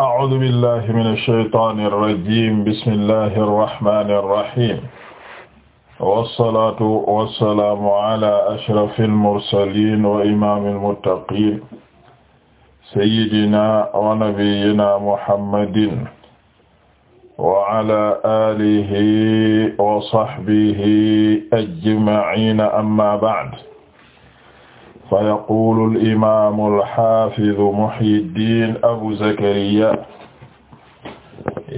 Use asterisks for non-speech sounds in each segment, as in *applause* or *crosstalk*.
a'uuzu billahi mina shaytaani rajiim bismillahi rahmaani rahiim wassalaatu wassalaamu alaa ashrafil mursaliin wa imaamil muttaqiin sayyidinaa wa nabiyyinaa muhammadin wa alaa aalihi wa sahbihi ajma'iin amma ba'd fa yaqulu al-imaamu al-haafidu Muhyiddin Abu Zakariya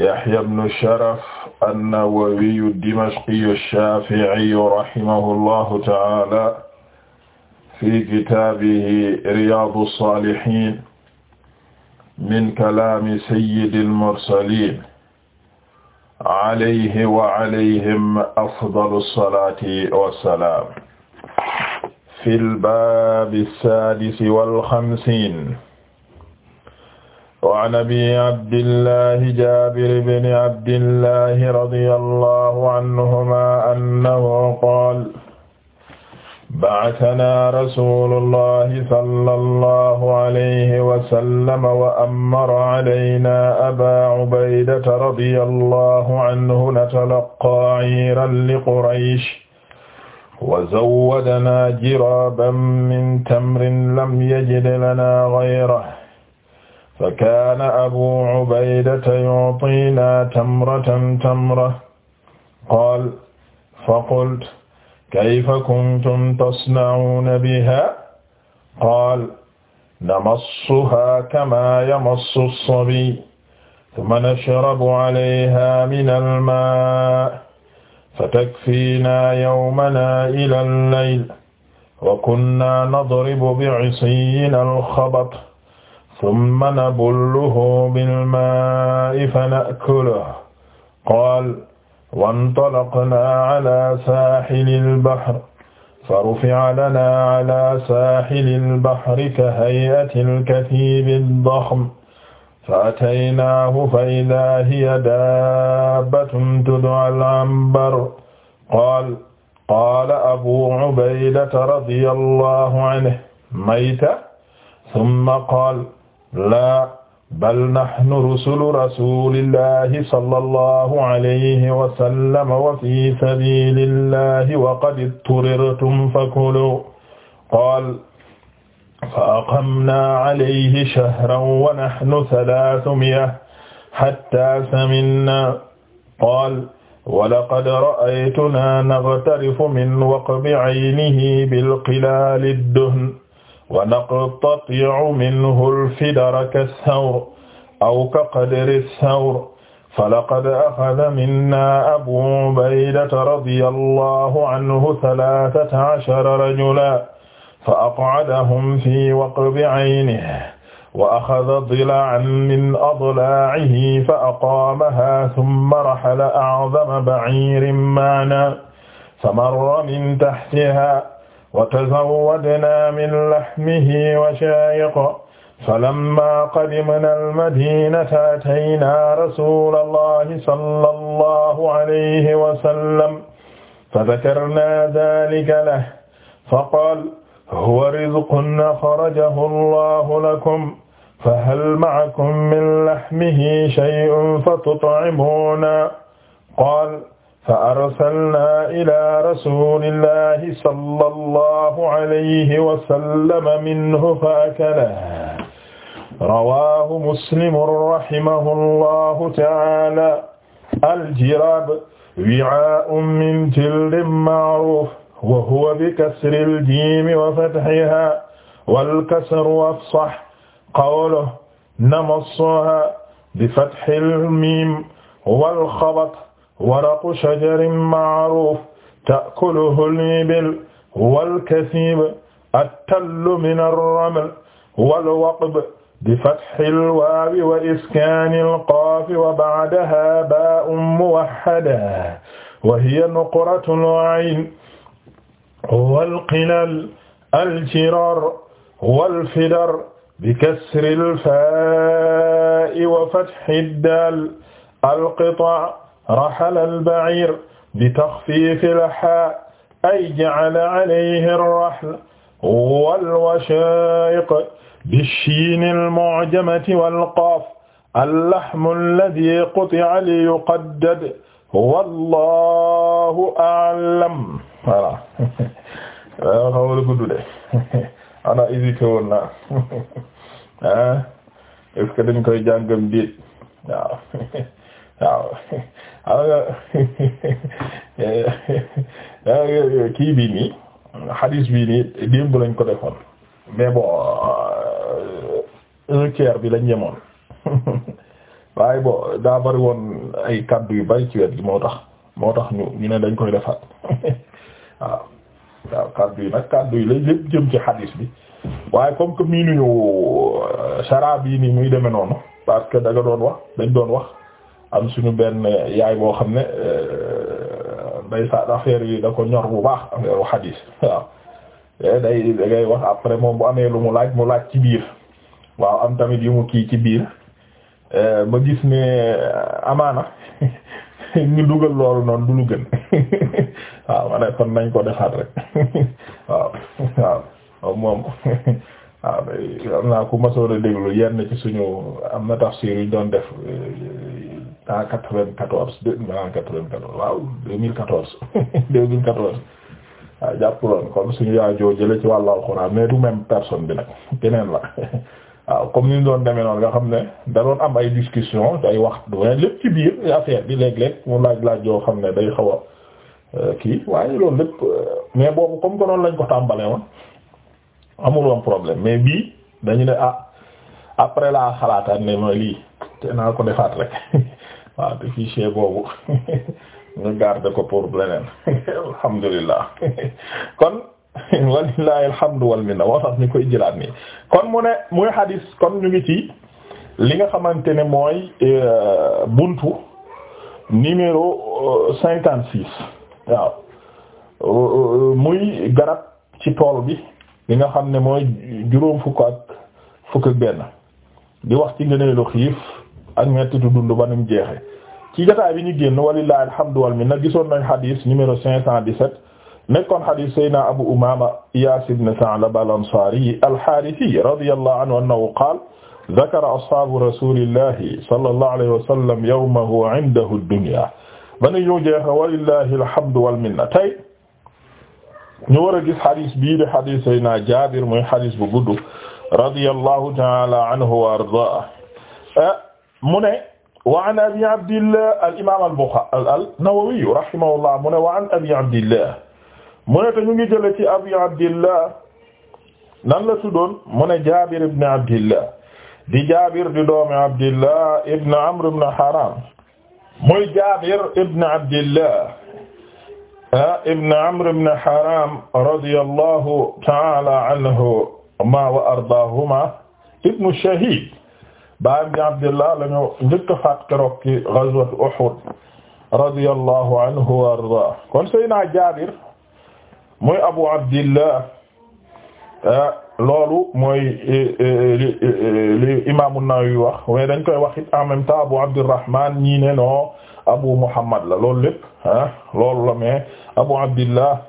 Yahya ibnu Sharaf an-Nawawiyu ad-Dimashqiyu ash-Shaafi'iyu rahimahullahu ta'aala fi kitaabihi Riyaadu as-Saalihiin min kalaami sayyidil mursaliin alayhi wa alayhim afdalu as-salaati wa salaam fi al-baab as-saadis wal-xamsiin wa an abii abdillahi jaabir ibn abdillahi radiyallahu anhumaa annahu qaala ba'asanaa rasuulullahi sallallahu alayhi wa sallam wa ammara alaynaa abaa ubaydata radiyallahu anhu natalaqqaa 'iiran li quraysh wa zawwadanaa jiraaban min tamrin lam yajid lanaa ghayrahu fa kaana abuu ubaydata yu'tiinaa tamratan tamratan qaala fa qultu kayfa kuntum tasna'uuna bihaa qaala namassuhaa kamaa yamassu as-sabiyyu thumma nashrabu 'alayhaa mina al-maa' fatakfiina yawmanaa ilal layl wa kunnaa nadribu bi'isiyyinaa al-xabat summa nabulluhu bilmaa'i fana'kuluhu qaala wantalaqnaa calaa saaxilil bahri farufica lanaa calaa saaxilil bahri kahay'atil katiibid daxm fa ataynaahu fa idaa hiya daabbatun tud'aa al-anbar qaala qaala abuu ubaydata radiyallaahu anhu mayta summa qaala laa bal nahnu rusulu rasuulillaahi sallallaahu alayhi wa sallam wa fii sabiilillaahi wa qad idturrirtum fakuluu qaala fa aqamna alayhi shahran wa nahnu salaasu mi'a hatta saminna qaala wa laqad ra'aytunaa naqtarifu min waqbi aynihi bilqilaali ad-duhn wa naqtati'u minhu al-fidara kas-sawr aw kaqadri as-sawr falaqad akhadha minnaa abuu ubaydata radiyallaahu anhu salaasata ashara rajulan fa aq'adahum fi waqbi 'aynihi wa akhadha dila'an min adla'ihi fa aqamaha thumma rahala a'zama ba'irin ma'na famarra min tahtiha وتزودنا من لحمه وشايقه فلما قدمنا المدينة أتينا رسول الله صلى الله عليه وسلم فذكرنا ذلك له فقال huwa rizqun axrajahu allahu lakum fahal ma'akum min lahmihi shay'un fatut'imuuna qaala fa-arsalnaa ilaa rasuulillaahi sallallahu alayhi wa sallam minhu fa-akala rawaahu muslimun rahimahullaahu ta'aalaa al-jiraab wi'aa'un min jildin ma'ruuf wa huwa bi kasri al-jiim wa fathihaa wal kasru afsah qawluhu namassahaa bi fathi al-miim wal xabat waraqu shajarin ma'ruuf ta'kuluhu al-ibil wal kasiib at-tallu min ar-raml wal waqb bi fathi al-waawi wa iskaani al-qaaf wa ba'dahaa baa'un muwahhada wa hiya nuqratu al-'ayn wal qilal al jiraar wal fidar bi kasri al faa'i wa fathi daal al qitaa' rahala al ba'iir bi taxfiif al haa ay ja'ala alayhi ar rahl wal washaa'iq bi shiin al mu'jamati wal qaaf al lahm alladii quti'a li yuqaddad wallahu a'lam voilà waaw gudd de ana hésité woon na ah est-ce dañ koy jàngam déet waaw waaw kii bii nii hadis bii nii démb lañ ko defoon mais bon euh, un bi lañ yemoon waaye bo daa bari woon ay kaddu yu bari ci wet gi moo tax moo tax ñu ñu ne dañ koy defaat *laughs* waaw kaddu yi nag kaddu yi lay lépp jëm ci xadiis bi waaye comme que mii nuñu euh, sharab yi nii muy demee noonu parce que da doon wax dañ doon wax am suñu benn yaay boo xam ne euh, day sa affaire yi da ko ñor bu baax affaire xadiis *laughs* waaw eh, day da ngay wax après moom bu amee lu mu laaj mu laaj ci biir waaw am tamit yu mu kii ci biir Euh, ma gis ne euh, amaana *laughs* ñu dugal loolu noonu du lu gën *laughs* waaw ma nañ ko defaat rek *laughs* waaw waaw moom waaw naa ku masoor a déglu yenn ci suñu am na tafsir yu ñu doon def euh, en quatre-vingt-quatorze deux en quatre-vingt-quatorze waaw deux mille quatorze deux mille quatorze waaw jàppuloon kon suñu yaay joo jële ci wàllu alxuraan mais du même personne bi nag keneen la waaw comme ni doon demee noonu nga xam ne da doon am ay discussion ay wax doone lépp ci biir affaire bi léeg-léeg mu laaj laaj yoo xam ne day xaw a euh, kii waaye loolu lépp euh, mais boobu comme que noonu lañ ko tàmbalee woon amul problème mais bi dañu ne ah après la xalaataat ne mooy lii te naa ko defaat rek *laughs* waaw te fichier boobu ñu *laughs* garder ko pour leneen *laughs* alhamdulillah kon. *laughs* walillahi alhamdu wal minna moo tax ñu koy jëlaat nii kon mu ne muy hadis kon ñu ngi ci li nga xamante ne mooy euh, buntu numéro euh, cinquante six waaw euh, muy garab ci tool bi li nga xam ne mooy juróom fukk ak fukk ak benn di wax ci ngëneelu xiif ak mettitu dund ba num jeexe ci jotaay bi ñu génn walillahi alhamdu wal minna gisoon nañ hadis numéro cinq cent dix-sept nekkoon xadis sayyidina Abu Umaama Iyaas ibn Sa'laba al-Ansaari al-Haarisi radiyallahu anhu annahu qaala zakara ashaabu rasuulillahi sallallahu alayhi wa sallam yawmahu indahu ad-dunyaa ba nu ñu jeex walillahi alhamdu wal minna tey ñu war a gis xadis bii di xadis sayyidina Jaabir muy xadis bu gudd radiyallahu ta'aala anhu wa ardaahu eh, mu ne wa an abi abdillah al-imaam al-Nawawi rahimahullah mu ne wa an abi abdillah mu ne te ñu ngi jële ci abi abdillah nan la tuddoon mu ne jabir ibn abdillah di jabir di doomi abdillah ibn amr ibn haram muy jabir ibn abdillah ah, ibn amr ibn haram radiyallahu ta'ala anhuma wa ardaahuma ibn shahid ba ibn abdillah lañu njëkk faat keroog ci ghazwat uhud radiyallahu anhu wa ardaah kon seyna jabir mooy Abu Abdillah ah, loolu mooy eh, eh, eh, li Imaam An-Nawawi wax waaye dañ koy wax it en même temps Abu Abdirrahman ñii ne non Abu Muhammad la loolu lépp ah, loolu la mais Abu Abdillah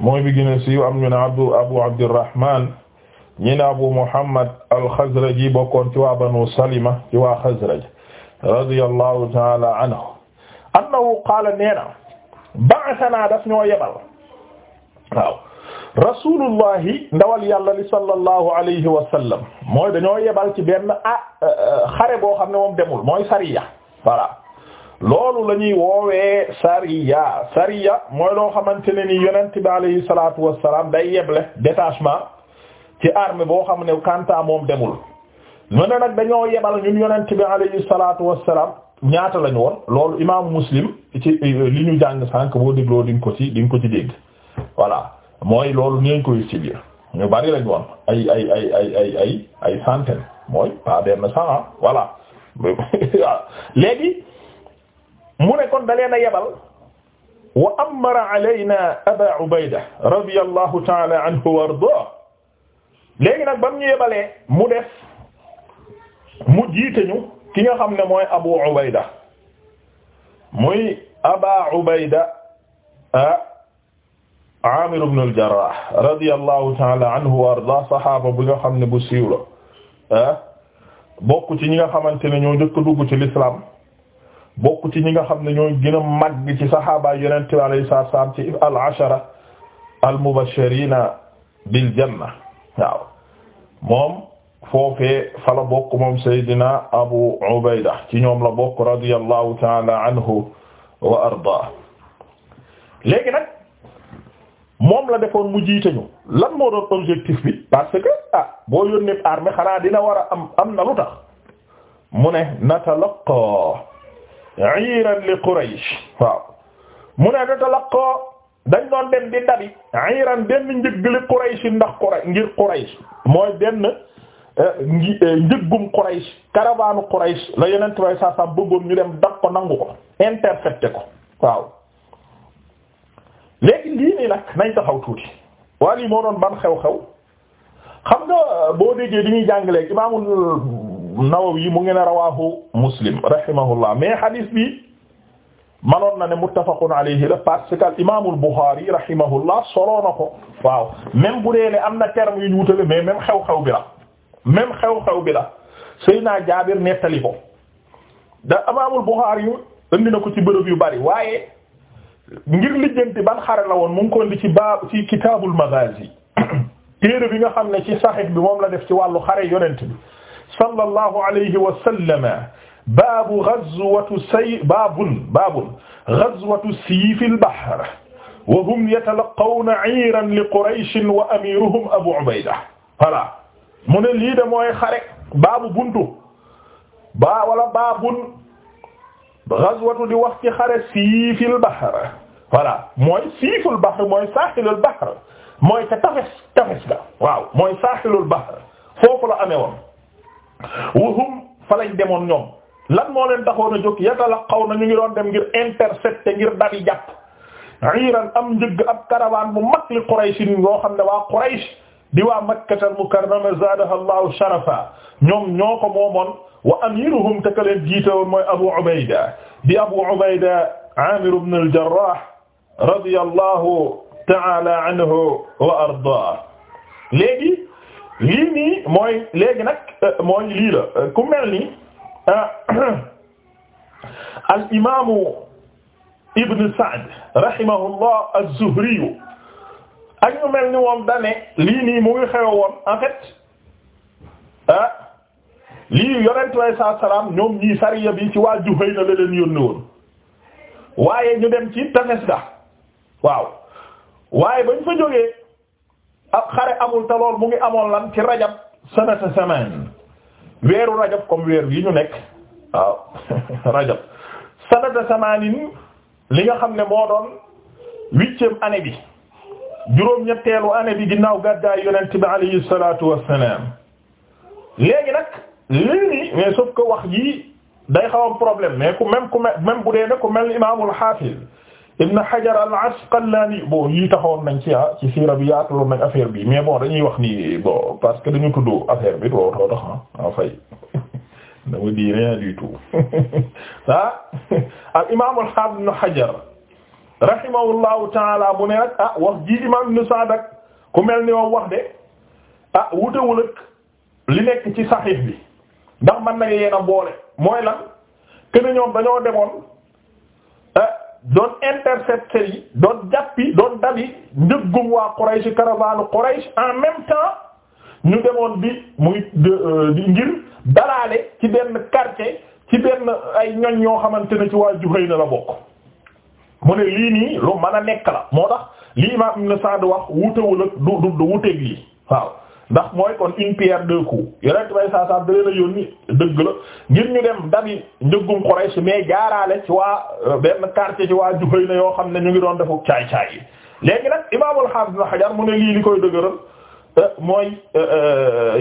mooy bi gën a am ñu na Abdu Abu Abdirrahman ñi ne Abu Muhammad al-Khazraji bokkoon ci waa Banu a ci waa Khazraj radiyallahu ta'ala anhu annahu qaala nee na ba'athana daf ñoo yebal waaw rasulullahi ndawal yàlla li sallallahu alayhi wa sallam mooy dañoo yebal ci benn ah euh, euh, xare boo xam ne moom demul mooy sariya voilà loolu la ñuy woowee sariya sariya mooy loo xamante ne ni yonent bi alayhi salatu wasalaam day yeble détachement ci armée boo xam ne kanta moom demul ñu ne nag dañoo yebal ñun yonent bi alayhi salatu wasalaam ñaata lañu woon loolu imaamu muslim ci euh, li ñu jàng sànq boo dégloo di nga ko ci di ko ci dégg voilà mooy loolu ni lañ koy subir ñu bari lañ ay ay ay ay mooy pas benn cent voilà *laughs* léegi mu ne kon da leen a yebal wa amara alayna aba ubayda radiyallahu ta'ala anhu wa ardaa nag bam ñu yebalee mu def mu ki nga xam ne mooy abu ubayda muy aba ubayda ah, Aamir ibn al-Jarrah radiyallahu ta'ala anhu wa arda saxaaba bi nga xam ne bu siiw la ah bokk ci ñi nga xamante ne ñoo njëkk a dugg ci lislaam bokk ci ñi nga xam ne ñoo gën a màgg ci saxaabaay Yonent bi alayhi salaatu wa salaam ci al-ashara al-mubashshirina bil janna waaw moom foofee fa la bokk moom Seydina Abu Ubayda ci ñoom la bokk radiyallahu ta'ala anhu wa arda léegi nag moom la defoon mu jiite lan moo doon objectif bi parce que ah boo yónnee armée xanaa dina war a am am na lu tax mu ne natalaqa iran li Quraysh waaw mu ne natalaqa dañ doon dem di dabi iran benn njëg li Quraysh ndax Quraysh ngir Quraysh mooy benn eh, eh, njëggum Quraysh caravane Quraysh la yeneen way saa saa bëggoon ñu dem dab ko nangu ko intercepté ko waaw lii nii nag nañ taxaw tuuti waa lii moo doon ban xew-xew xam nga euh, boo déggee di ñuy jàngalee imaamul Nawawi mu ngi ne rawaahu Muslim rahimahullah mais hadith bi manoon na ne muttafaqun alayhi la parce que al imaamul Bukhari rahimahullah na ko waaw même bu dee am na terme yu ñu wutale mais même xew-xew bi la même xew-xew bi la Seydina Jaabir nettali ko da imaamul Bukhari indi na ko ci bërëb yu bari waaye ngir lijjanti ban xare la woon mu ngi ko indi ci baab ci kitaabul maghazi *clears throat* téere bi nga xam ne ci saxiix bi moom la def ci wàllu xare yonent bi sallallahu alayhi wa sallam baabu ghazwatu say baabun baabun ghazwatu siifil bahr wa hum yatalaqawna 'ayran li quraysh wa amiruhum abu ubayda voilà mu ne lii de mooy xare baabu buntu baa wala baabun ghazwatu di wax ci xare siifil bahr voilà mooy siiful bahr mooy saaxilul bahr mooy ca tafes tafes ga waaw mooy saaxilul bahr foofu la amee woon wuhum fa lañ demoon ñoom lan moo leen taxoon a jóg yatalaqaw na ñu ngi doon dem ngir intercepter ngir dabi jàpp iran am njëgg ab caravane bu mag li Quraysh yoo xam ne waa di waa makkatal mukarrama zaadaha allahu sharafa ñoom ñoo ko moomoon wa amiruhum te ka leen jiite woon mooy abu ubayda di abu ubayda amir ibn al-jarrah radiyallahu ta'ala anhu wa ardaah léegi lii nii mooy léegi nag euh, mooy lii la ku mel ni euh, *coughs* al imaamu ibn Sa'd rahimahullah az-Zuhri ak ñu mel ni moom dane lii nii mu ngi xewe woon en fait ah, lii yonent way saa salaam ñoom ñii sariya bi ci waa Juhayna la leen yónni woon waaye ñu dem ci tefes ga waaw waaye bañ fa jógee ab xare amul te lool mu ngi amoon lan ci rajab sanata samaan weeru rajab comme weer yi ñu nekk waaw *laughs* rajab sanata samaanin li nga xam ne moo doon huitième année bi juróom-ñetteelu année bi ginnaaw gàddaay yonent bi alayhi salaatu wassalaam léegi nag léegi mais sauf wax ji day xaw am problème mais ku même ku même bu dee ne ku mel imaamul hafiz ibn hajar al asqalani bon yii taxawoon nañ ci ah ci siira bi yaataloon nañ affaire bi mais bon dañuy wax ni bon parce que dañu tudd affaire bi doo too tax ah fay dama di rien du tout *laughs* ah *laughs* al hafiz ibn hajar rahimahullahu taala mu ne nag ah wax ji imam ibn Sa'd ku mel ni wow wax de ah wutewul ak li nekk ci saxiix bi ndax man na yeena boole mooy lan kën ñoom dañoo demoon ah, doon intercepter yi doon jàppi doon dabi njëggum waa Quraysh caravane Quraysh en même temps ñu demoon bi muy euh, di ngir dalaale ci benn quartier ci benn ay ñoñ ñoo xamante ne ci waa Juhayna la bokk mu ne lii nii lu mën a nekk la moo tax lii imaam Ibn Sa'd wax wutewul ak du du du wuteeg lii waaw ndax mooy kon une pierre deux coups yonent bay saa saa dalee na yónni dëgg la ngir ñu dem dabi njëggum Quraysh mais jaaraale ci waa euh, benn quartier ci waa Juhayna yoo xam ne ñu ngi doon defu caay-caay léegi nag imaam al-Hafiz Ibn Hajar mu ne lii li koy dëgëral euh, mooy euh,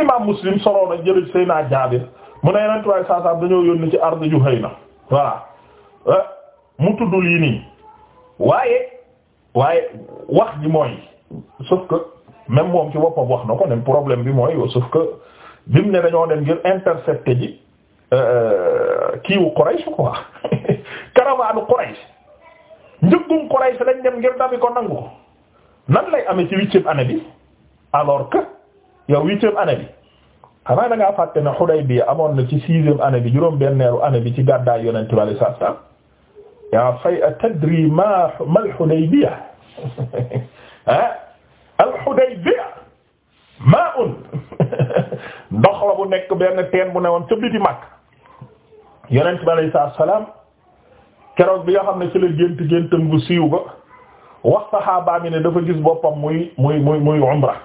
imaam Muslim soroon a jël Seydina Jaabir mu ne yonent bay saa saa dañoo yónni ci ardu Juhayna voilà mu tudd lii nii waaye waaye wax ji mooy sauf que même moom ci boppam wax na ko ne problème bi mooy sauf que bi mu ne dañoo dem ngir intercepter ji euh, euh, kiiwu Quraysh quoi *laughs* caravane Quraysh njëggum Quraysh dañ dem ngir dabi ko nangu ko nan lay amee ci huitième année bi alors que yow huitième année bi xanaa da ngaa fàtte ne Hudaybiya amoon na ci sixième année bi juróom-benneeru année bi ci gàddaay yonent bi sallallahu alayhi wasallam yaa fay a tadri ma mal Hudaybiya *laughs* ah al Hudaybiya maa un *laughs* ndox la bu nekk benn teen bu ne woon ca biti mag yonent bi alayhi salaam keroog bi nga xam ne ci la gént géntam gu siiw ba wax saxaaba mi ne dafa gis boppam muy muy muy muy umra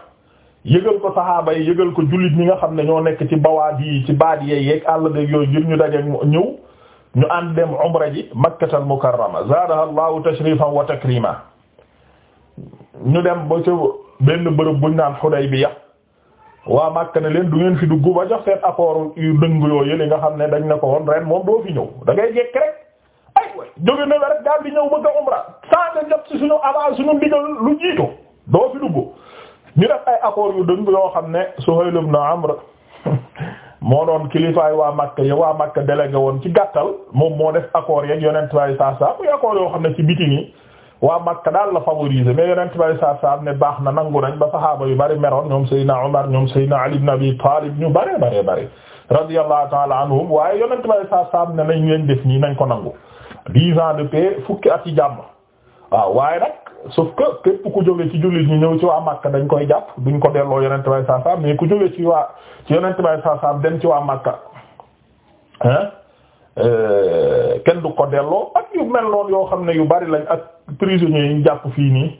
yëgal ko saxaaba yi yëgal ko jullit ñi nga xam ne ñoo nekk ci bawaad yi ci baad yeeg àll beeg yooyu ngir ñu daje ñëw. ñu ànd dem umra ji makkatal mukarrama zaadaha allahu tashrifan wa takrima ñu dem ba ca benn bërëb buñ naan Hudaybiya waa Makka ne leen du ngeen fi dugg ba jox seen accord yu dëng yoo yële nga xam ne dañ ne ko woon ren moom doo fi ñëw da ngay rek ay way jóge na rek daal di ñëw bëgg a umra sans que jot ci suñu avant suñu ndigal lu jiitu doo fi dugg ñu def ay accord yu dëng yoo xam ne Suhayl ibn Amr moo doon kilifaay waa Makka ya waa Makka délégué woon ci gàttal moom moo def accords yeeg yonent tubaab saa saa muy accords yoo xam ne ci biti nii waa Makka daal la favoriser mais yonent tubaab saa saa ne baax na nangu nañ ba saxaaba yu bari meroon ñoom Seydina Omar ñoom Seydina Ali ibn Abi Talib ñu bari bari bari radiyallahu ta'ala anhum waaye yonent tubaab saa saa ne nañ leen def nii nañ ko nangu dix ans de paix fukki at ci jàmm. waaw waaye nag sauf que képp ku jóge ci jullit ñi ñëw ci waa Makka dañ koy jàpp duñ ko delloo yonent bay saa saam mais ku jóge ci waa ci yonent bay saa saam dem ci waa Makka hein euh, kenn du ko delloo ak yu mel noonu yoo xam ne yu bari lañ ak prisonniers yi ñu jàpp fii nii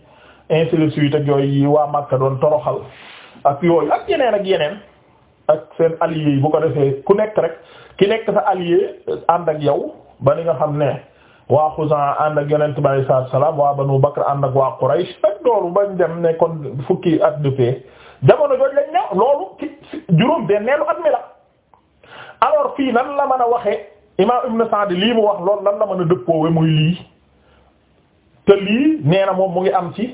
ainsi de suite ak yooyu yi waa Makka doon toroxal ak yooyu ak yeneen ak yeneen ak seen alliés yi bu ko defee ku nekk rek ki nekk sa allié ànd ak yow ba ni nga xam ne waa Xuzaa ànd ak yonent bi alayhi salaam waa Banu Bakr ànd ak waa Quraysh ak loolu bañ dem ne kon fukki at du fee jamono jooju lañ ñëw loolu ci juróom benneelu at mi la alors fii nan la mën a waxee imaam Ibn Sa'd lii mu wax lool nan la mën a dëppoowe muy lii te lii nee moom mu ngi am ci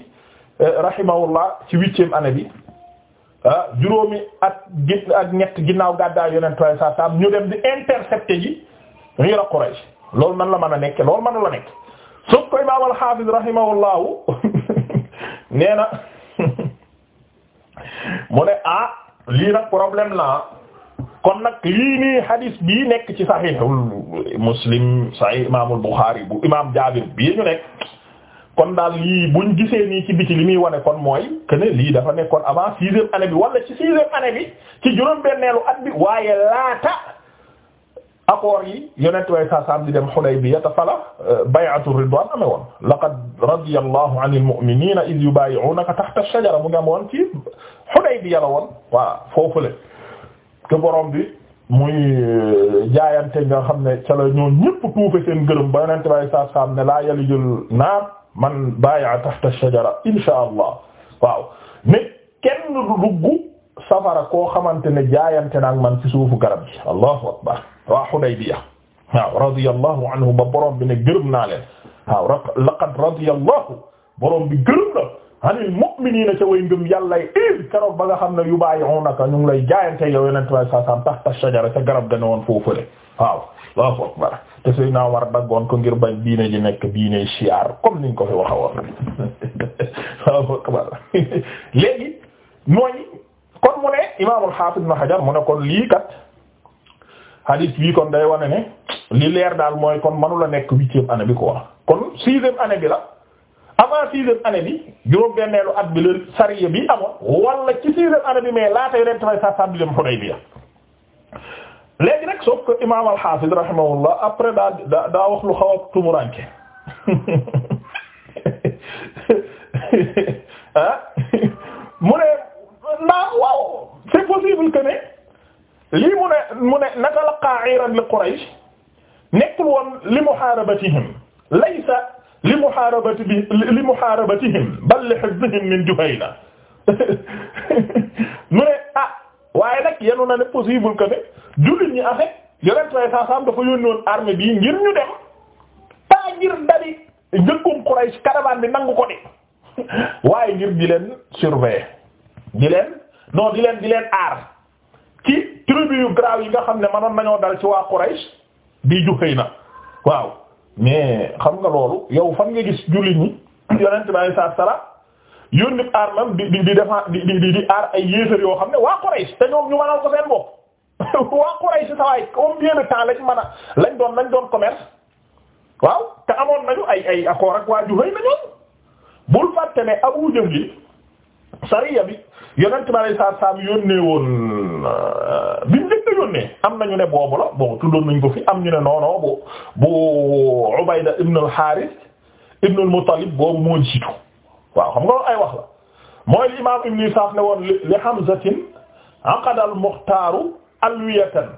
eh, rahimahullah ci huitième année bi ah juróomi at gi ak ñett ginnaaw gàddaay yonent bi alayhi salaatu wa salaam ñu dem di intercepter ji riira Quraysh loolu man la mën a nekke loolu mënu la nekk soog ko imaam al-Hafiz rahimahullahu *laughs* nee na *laughs* mu ne ah lii nag problème la kon nag lii nii hadis bii nekk ci sahihul Muslim sahih imaamul Bukhari bu imaam Jaabir bii ñu nekk kon daal lii buñ gisee nii ci biti li muy wane kon mooy que lii dafa nekkoon avant sixième année bi wala ci sixième année bi ci juróom-benneelu at waaye laata. accord yi yonent way saasaam di dem Hudaybiya ta fala euh, bay'atu ridwaan amee woon laqad radiyallahu anil mu'miniina iz yubaayi'uunaka tahta ash-shajara mu ngi amoon ci Hudaybiya la woon waaw foofule ke borom bi muy euh, jaayante nga xam ne ca la ñoo ñëpp tuufe seen gërëm ba yonent way saasaam ne laa yalijul naar man baaya'a tahta ash-shajara inshaa Allah waaw ne kenn du dugg safara koo xamante ne jaayante na ak man ci suufu garab gi allahu akbar waa Hudaybiya waaw radiyallahu anhu ba borom bi ne gërëm naa leen waaw laqad radiyallahu borom bi gërëm la anil mu'minina ca way ngëm yàlla id keroog ba nga xam ne yubayi'unaka ñu ngi lay jaayante yow yonent way sa sam tahta shajara ca garab gane woon foofule waaw allahu akbar te suy naa war daggoon ko ngir bañ diine ji nekk diine siyaar comme niñ ko fi waxa woon *laughs* allahu akbar *laughs* léegi mooy kon mu ne imaamul xaafis ibn Hajar mu ne kon lii kat hadith bii kon day wane ne li leer daal mooy kon manu nekk huitième année bi ko kon sixième année bi la avant sixième année bi juróom-benneelu at bi la sariya bi amoon wala ci sixième année bi mais laata yore tamit saa saa bi dem Hudaybiya léegi nag sauf que imaam al-Hafiz rahimahullah après daa daa wax lu xaw a tumuranke *laughs* ah *laughs* mu ne naa waaw c'est possible que ne lii mu ne mu ne naka la qa'iran li Quraysh nekkul woon li muharabatihim laysa li muharabati li muharabatihim li hizbihim min *laughs* mu ne ah waaye nag yenu na ne possible que ne jullit ñi affaire yeneen traité sàmm dafa yónni woon armée bii ngir ñu dem pas ngir dali njëkkum Quraysh caravane bi nangu ko de *laughs* waaye ngir di leen surveiller. di leen non di leen di leen aar ci tribu yu graaw yi nga xam ne manoon nañoo dal ci waa Quraysh bii na waaw mais xam nga loolu yow fan nga gis jullit ñi yonent bi sallallahu alayhi wasallam yónni aar man di di di defar di di di aar ay yéefar yoo xam ne waa Quraysh te ñoom ñu a ko seen bopp *laughs* waa Quraysh sa waay combien de temps lañ mën a lañ doon lañ doon commerce waaw te amoon nañu ay ay accord ak waa Juhayna ñoom bul fàtte ne Abu Jahl sariya bi. yonent bi saa saam yónnee woon euh, bi mu njëkk a yónnee am nañu ne boobu la bon tuddoon nañ ko fi am ñu ne non non bu bu Ubayda ibn al-Harith ibn al-Muttalib boobu moo jiitu waaw xam nga loolu ay wax la mooy li imaam Ibn Isaaq ne woon li Hamzatin aqada al-Muxtaaru alwiyatan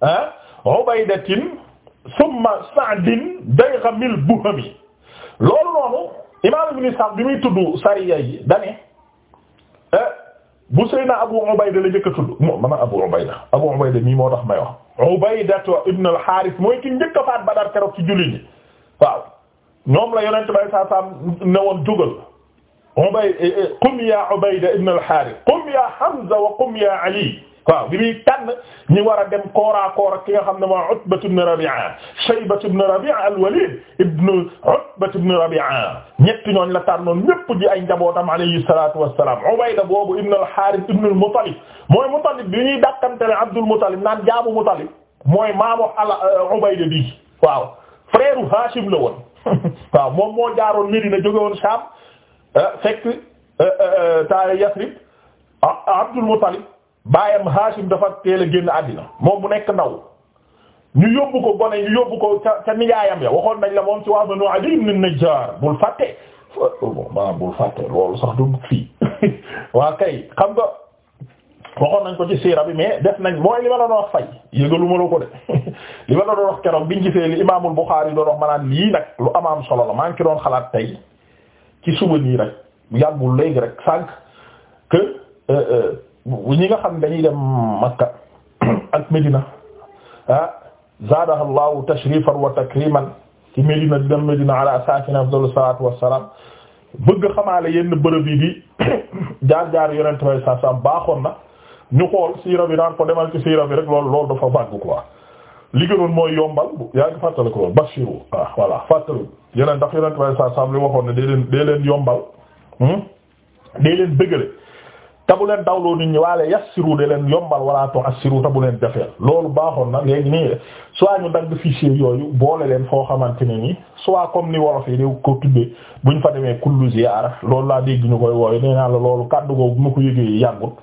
ah Ubaydatin summa Sa'din daygamil Buhami loolu noonu imaam Ibn Isaaq bi muy tudd sariya yi da ne euh, bu Seyna Abu Ubayda la njëkk a tudd moom man Abu Ubayda Abu Ubayda mii moo tax may wax Ubayda ibn al-Harith mooy ki njëkk a faat Badar keroog ci jullit ñi waaw ñoom la Yonent bay saa saam ne woon jógal Ubay eh, eh, qum ya Ubayda ibn al-Harith qum ya Hamza wa qum ya Ali waaw bi muy tànn ñi war a dem koora koora ki nga xam ne moo Utba ibn Rabi'a Shayba ibn Rabi'a al-Walid ibn Utba ibn Rabi'a ñett ñooñ la tànnoon ñépp ji ay njabootam alayhi salatu wassalam Ubayda boobu ibn al-Harith ibn al-Muttalib mooy Muttalib bi ñuy dàkkantele Abdul Muttalib naan jaabu Muttalib mooy maamu ala euh, Ubayda bi waaw frère Hashim la woon *laughs* waaw moom moo jaaroon Medina jóge woon Sham euh, fekk euh, ta Yasrib ah, Abdul Muttalib baayam Hashim dafa teel a génn àddina moom bu nekk ndaw ñu yóbbu ko gone ñu yóbbu ko ca ca nijaayam ya waxoon nañ la moom ci waa banu Ali ibn Najjar bul fàtte maa bul fàtte loolu sax du fii *laughs* waa kay xam nga waxoon nañ ko ci siira bi mais def nañ mooy li ma la doon wax fay yëgalu ma la ko de *laughs* li ma la doon wax keroog biñ gisee li imaamul Buxaari doon wax ma lii nag lu amaam solo la maa ngi ci doon xalaat tey ci suba nii rek yàggul léegi rek sànq euh, euh, bu ñi nga xam dañuy dem Makka *coughs* ak Medina ah zaadaha Allahu tashrifan wa takriman ci Medina di dem Medina ala saakina afdalu salaatu wassalaam bëgg xamaale yenn bërëb yi di jaar-jaar *coughs* yonent bi saa saa baaxoon na ñu xool siira bi naan ko demal ci siira bi rek loolu loolu dafa vague quoi li gënoon mooy yombal yaa ngi fàttali ko loolu bashiru ah voilà fàttali yeneen ndax yonent bi saa saa li waxoon ne dee leen dee leen yombal hmm, dee leen tabu leen dawloo nit ñi waale yassiru de leen yombal wala ak siru bu leen jafeel loolu baaxoon na léegi nii soit ñu dagg fichier yooyu boole leen foo xamante ne nii soo comme ni wolof yi dañ ko tuddee buñ fa demee kullu ziyaara loolu laa dégg ñu koy wooyu nee naa la loolu kàddu googu bu ma ko yëgee yàggut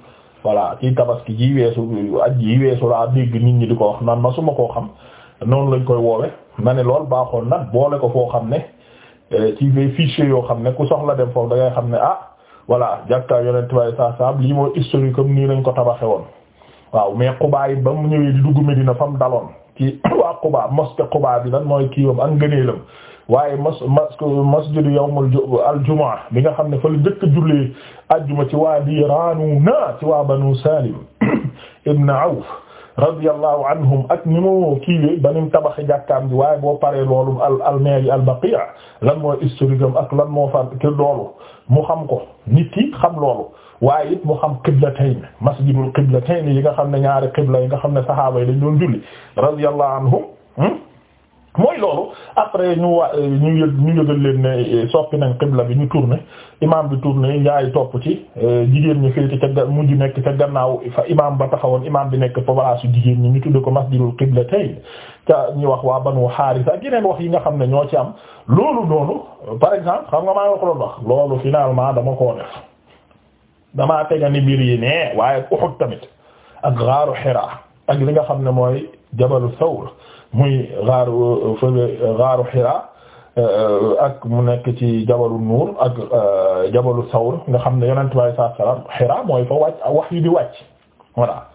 voilà ci tabaski ji weesu ak yi weesu laa dégg nit ñi di ko wax nan ma su ma koo xam noonu lañ koy woowe na ne loolu baaxoon nag boole ko foo xam ne eh, ci yoo xam ne ku soxla dem foofu da ngay xam ne ah. voilà jàkkaay yonent waaye saa saam lii mooy historique comme nii lañ ko tabaxe woon waaw mais Quba yi ba mu ñëwee di dugg Medina fam daloon ci *coughs* waa Quba mosquée Quba bi lan mooy kiiwam ak ngëneelam waaye mos mos masjidu yawmul jumaa bi nga xam ne fa lu njëkk jullee ajjuma ci waa di raanu naa ci waa Banu Salim *coughs* ibn Awf radiyallahu anhum ak ni mu kiiwee ba ni mu tabaxi jàkkaam ji waaye boo paree loolu al almeer yi al baqiya lan mooy historique am ak lan moo fa ki loolu mu xam ko nit ki xam loolu waaye it mu xam qiblatayn masjidul qiblatayn yi nga xam ne ñaari qibla yi nga xam ne saxaaba yi dañ doon julli radiyallahu anhum hmm? mooy loolu après ñu wa ñu yëg ñu yëgal leen ne eh, soppi nañ xibla bi ñu tourné imam bi tourné ñaari topp ci eh, jigéen ñi féete ca mujj nekk ca gannaaw fa imam ba taxawoon imam bi nekk fabalaasu jigéen ñi ñu tudde ko masjidul xibla tey ca ñu wax waa ba banu xaarisa ak yeneen wax yi nga xam ne ñoo ci am loolu noonu par exemple xam nga maa ngi ko wax loolu finalement dama koo def damaa tega ni mbir yi ne waaye Uhud tamit ak gaaru Hira ak li nga xam ne mooy jabalu Sawr muy gaaru euh, fële euh, gaaru Hira euh, ak mu nekk ci jabalu nuur ak jabalu sawr nga xam ne yonent bi saa salaam mooy fa wàcc wahyu bi wàcc voilà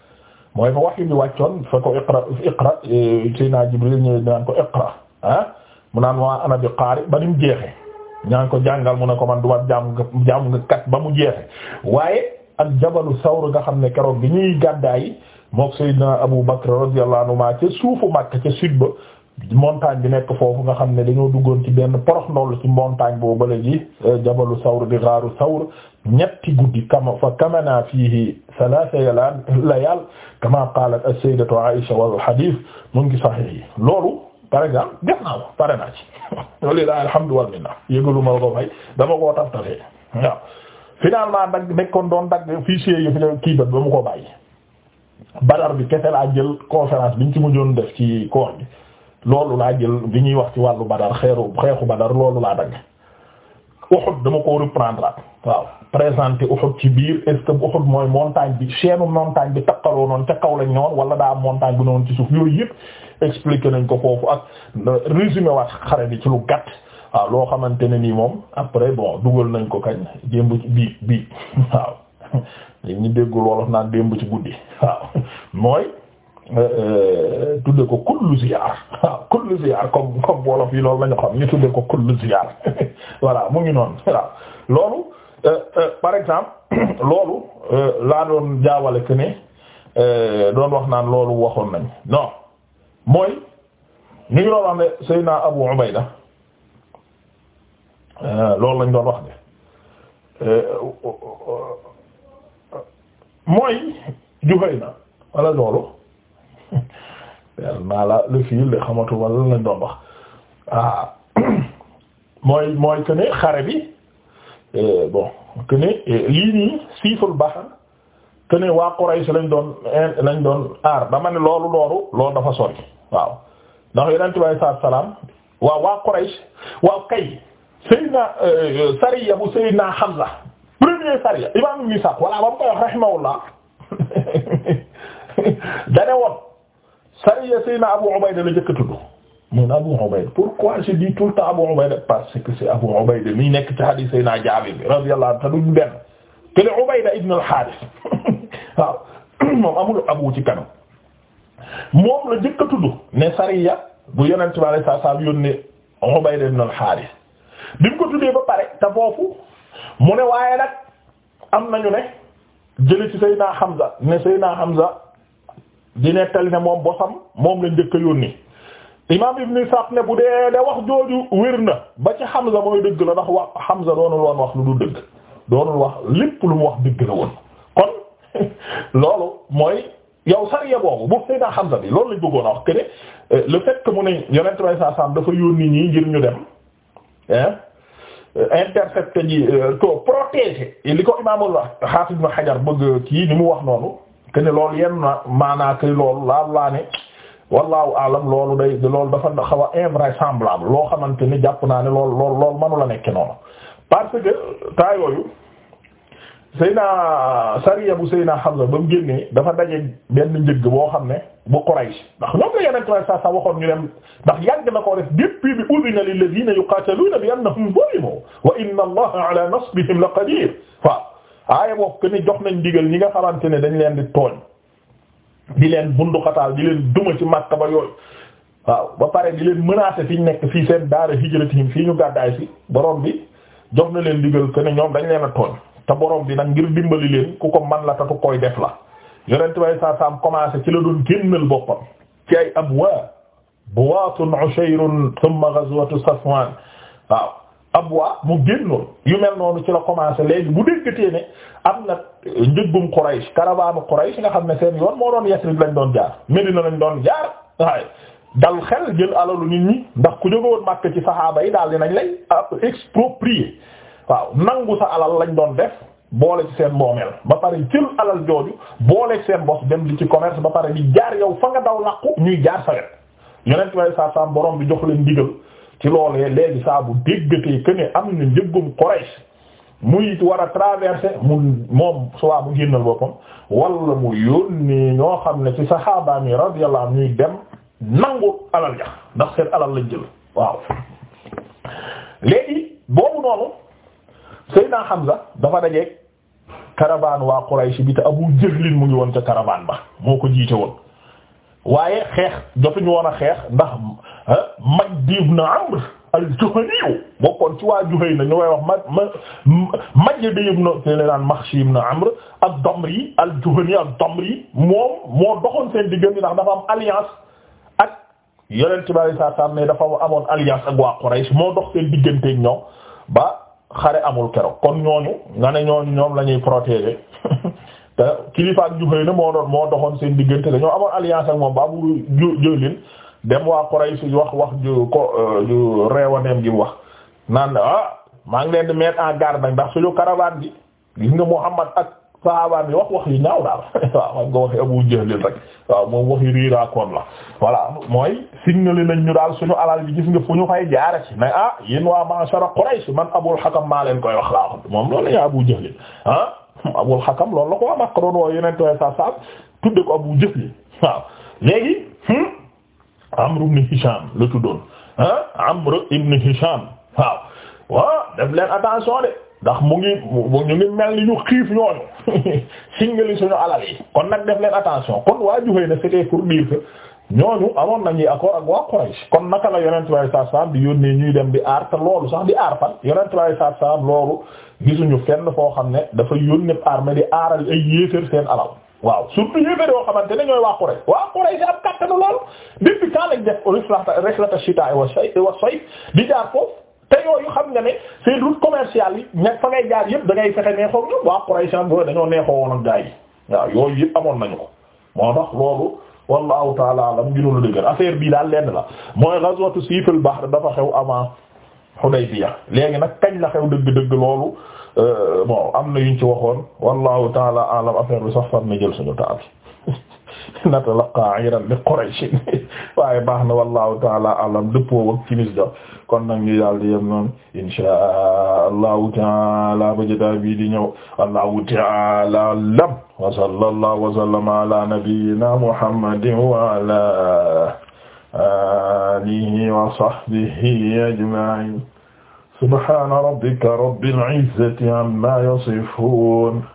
mooy fa wahyu bi wàccoon fa ko iqra iqra Seydina Jibril ñëwee naan ko iqra ah mu naan waa ana bi qaari ba ni mu ñaan ko jàngal mu ne ko man du ma kat ba mu jeexee waaye ak jabalu sawr nga xam ne keroog bi ñuy gàddaay. mook Seydina Abu Bakr radiyallahu ma ca suufu Makka ca sud montagne bi nekk foofu nga xam ne dañoo duggoon ci benn porox ndoll ci montagne boobu la ji euh, jabalu sawr di gaaru sawr ñetti guddi kama fa kamana fiihi salaasa layaal kama qaalat as-sayyidatu Aisha wal hadith mu ngi yi loolu par exemple def ko pare naa ci *laughs* loolu daal alhamdu wal minna yëgalu ma ko fay dama koo taftalee waaw finalement nag nekkoon doon dagg fichier yi fi ne kii ba ba mu badar bi kese laa jël conférence bi ñu ci mujjoon def ci koor bi loolu laa jël bi ñuy wax ci wàllu badar xeeru xeexu badar loolu laa dagg Uhud dama ko reprendre ak waaw présenter Uhud ci biir est-ce que Uhud mooy montagne bi seenu montagne bi takkaloo noonu ca kaw lañ ñëwoon wala daa am montagne bi noonu ci suuf yooyu yëpp expliquer nañ ko foofu ak résumé waat xare bi ci lu gàtt waaw loo xamante ne nii moom après bon dugal nañ ko kañ jémb ci biib biib *laughs* waaw li ñu déggul wolof naan démb ci guddi waaw mooy euh, euh, tudde ko kullu ziyaar waaw kullu ziyaar comme comme wolof yi loolu la ñu xam ñu tudde ko kullu ziyaar *laughs* voilà mu ngi noonu waaw loolu euh, par exemple *clears throat* loolu laa doon jaawale que ne doon wax naan loolu waxoon nañ non mooy ñu ngi doon wax ne Seydina Abu Ubayda loolu lañ doon wax ne mooy Juhayna wala loolu naa la lu fil de xamatuma lan lañ doon wax ah *clears throat* mooy mooy que xare bi euh, bon que ne euh, lii nii siiful baxar que ne waa Quraysh lañ doon euh, lañ doon aar dama ne loolu loolu loolu dafa sori waaw ndax yonent bi saa salaam waaw waa Quraysh waaw kay Seydina Sariya bu Seydina Hamza. premier sariya imam ibn Isaaq walla ba mu koy wax rahimahullah *laughs* dane woon sariya Seydina Abu Ubayda la jëkk tudd mun Abu Ubayda pourquoi je dis tout le temps Abu Ubayda parce que c'est Abu Ubayda mi nekk ci hadith Seydina Jaabir bi radiyallahu anhu duñ benn te le Ubayda ibn al-Harith *laughs* waaw *clears throat* moom amul abu ci kanam moom la jëkk tudd ne sariya bu yonent bi sallallahu alayhi wasallam yónnee Ubayda ibn al-Harith bi mu ko tuddee ba pare te foofu mu ne waaye nag am nañu ne jële ci Seydina Hamza ne Seydina Hamza di nettali ne moom bosam moom lañ njëkk a yónni imaam Ibn Ishaq ne bu dee de wax jooju wér na ba ci Hamza mooy dëgg la ndax wax Hamza doonul woon wax lu du dëgg doonul wax lépp lu mu wax dëgg la woon kon *laughs* loolu mooy yow sariya boobu bu Seydina Hamza bi loolu lañ bëggoon a wax que ne euh, le fait que mu ne yonent bay saa saam dafa yónni ñii ngir ñu dem Euh, intercepté ji euh, to protégé li ko imaamul Hafiz Ibn Hajar bëgg kii ni mu wax noonu que lool loolu na maanaa que loolu laal laa ne wallaahu alam loolu day lool dafa xaw a invraisemblable loo xamante ni jàpp naa ne lool loolu loolu mënu la nekk noonu parce que taa Seyna Sariya bu Seyna Hamza ba mu génnee dafa daje benn njëgg boo xam ne bu Quraysh ndax ñoom la yeneen ñu dem ndax yàgg na ko def depuis bi udina lilladina yuqaataluuna bi annahum zulimu wa inna allaha la qadir waaw ni jox nañ digal ñi nga xamante ne dañ leen di tooñ di leen bunduxataal di leen duma ci Makka ba yooyu waaw ba pare di leen menacer fi ñu nekk fii seen daara hijratihim fii ñu gàddaay si borom bi jox na leen digal que ne ñoom dañ leen a tooñ te borom bi nag ngir dimbali leen ku ko man la te ku koy def la yonent bay saa saam commencé ci la doon génnal boppam ci ay abwa buwaatun ushayrun thumma ghazwatu safwan waaw abwa mu génnoon yu mel noonu ci la commencé léegi bu déggatee ne am na njëggum Quraysh karabaanu Quraysh nga xam ne seen yoon moo doon Yasrib lañ doon jaar Medina lañ doon jaar waaye dal xel jël alalu nit ñi ndax ku jógewoon Makka ci saxaaba yi daal dinañ lay ah, exproprier waaw nangu sa alal lañ doon def boole seen moomeel ba pare jël alal jooju boole seen bos dem di ci commerce ba pare di jaar yow fa nga daw làqu ñuy jaar sa wet yonent way saa saam borom bi jox leen ndigal ci loolee léegi saa bu déggatee que ne am na njëggum Quraysh muy war a traversé mu moom suwaa mu génnal boppam wala mu yónnee ñoo xam ne ci saxaaba mi radiyallahu anhu ñuy dem nangu alal jax ndax seen alal lañ jël waaw léegi boobu noonu Seydina Hamza dafa dajeeg caravane waa Quraysh bi te Abu Jahl mu ngi woon ca caravane ba moo ko jiite woon waaye xeex jotuñu woon a xeex ndax ah, Majdi ibn Amr al-Juhani bokkoon ci waa Juhayna ñu koy wax ma ma Majdi ibn te la naan Makhshi ibn Amr ad-Damri al-Juhani ad-Damri moom moo doxoon seen diggante ndax dafa am alliance ak Yonent bi sallallahu alayhi wasallam ne dafa amoon alliance ak waa Quraysh moo dox seen digganteeg ñoom ba. xare amul keroog kon ñooñu nga ne ñooñu ñoom la ñuy protéger *laughs* te kilifa ak Juhayna moo moo doxoon seen diggante dañoo amoon alliance ak moom ba mu jëlin dem waa Quraysh wax wax ju ko euh, ju reewaneem gi wax naan ah maa ngi leen di mettre en garde ndax suñu caravane bi gis nga Muhammad ak. sahabaam yi wax wax yu ñaaw daal *laughs* waaw Abu Jahl rek waaw moom waxi riiraakoon la voilà mooy signalé nañ ñu su suñu alal bi gis nga fu ñu fay jaara ci ne ah yéen waa ma'shara Quraysh man Abul Hakam maa koy wax laa wax moom loolu la Abu Jahl ah *laughs* Abul Hakam loolu ko wax ko doon woo yeneen tooy sa sab tudde ko Abu Jahl waaw léegi hmm? Amr ibn Hisham la tuddoon ah Amr ibn Hisham waaw waaw attention de ndax mu ngi ñu ngi mel ni ñu xiif ñooñu *laughs* singali suñu alal yi kon nag def leen attention kon waa Juhayna na c'était pour dire que ñooñu amoon nañuy accord ak waa Quraysh kon naka la yonent bi saa saam di yónnee ñuy dem di aar te loolu sax di aar fan yonent bi saa saam loolu gisuñu fenn foo xam ne dafa yónnee armée di aaral ay yéeféer seen alal waaw surtout yéeféer yoo xamante ne ñooy waa Quraysh waa Quraysh am kattanu lool depuis quand lañ def rek la ta shita wa wa say di jaar te yooyu xam nga ne seen route commerciale yi ña fa ngay jaar yëpp da ngay fexe neexoon ñoom waa Quraysh dañoo neexoo woon ak gaa yi waaw yooyu amoon nañu ko moo tax loolu wallahu taala alam gënul dëgër affaire bii daal lenn la mooy ghazwatu Sif baax bahr dafa xew avant Hudaybiya léegi nag kañ la xew dëgg-dëgg loolu euh, bon am na yuñ ci waxoon wallahu taala alam affaire bi sax fan na jël suñu taal *laughs* natalaqaa iran li Qurayshin *laughs* waaye baax na wallahu taala alam dëppoo ak timis da kon nag ñu daal di yem noonu inshaa allahu taala ba jotaay bii di ñëw allahu taala alam wa sallallahu wa sallama ala nabiyyina muhammadin wa ala alihi wa sahbihi ajma'in subhana rabbika rabbil izzati amma yasifun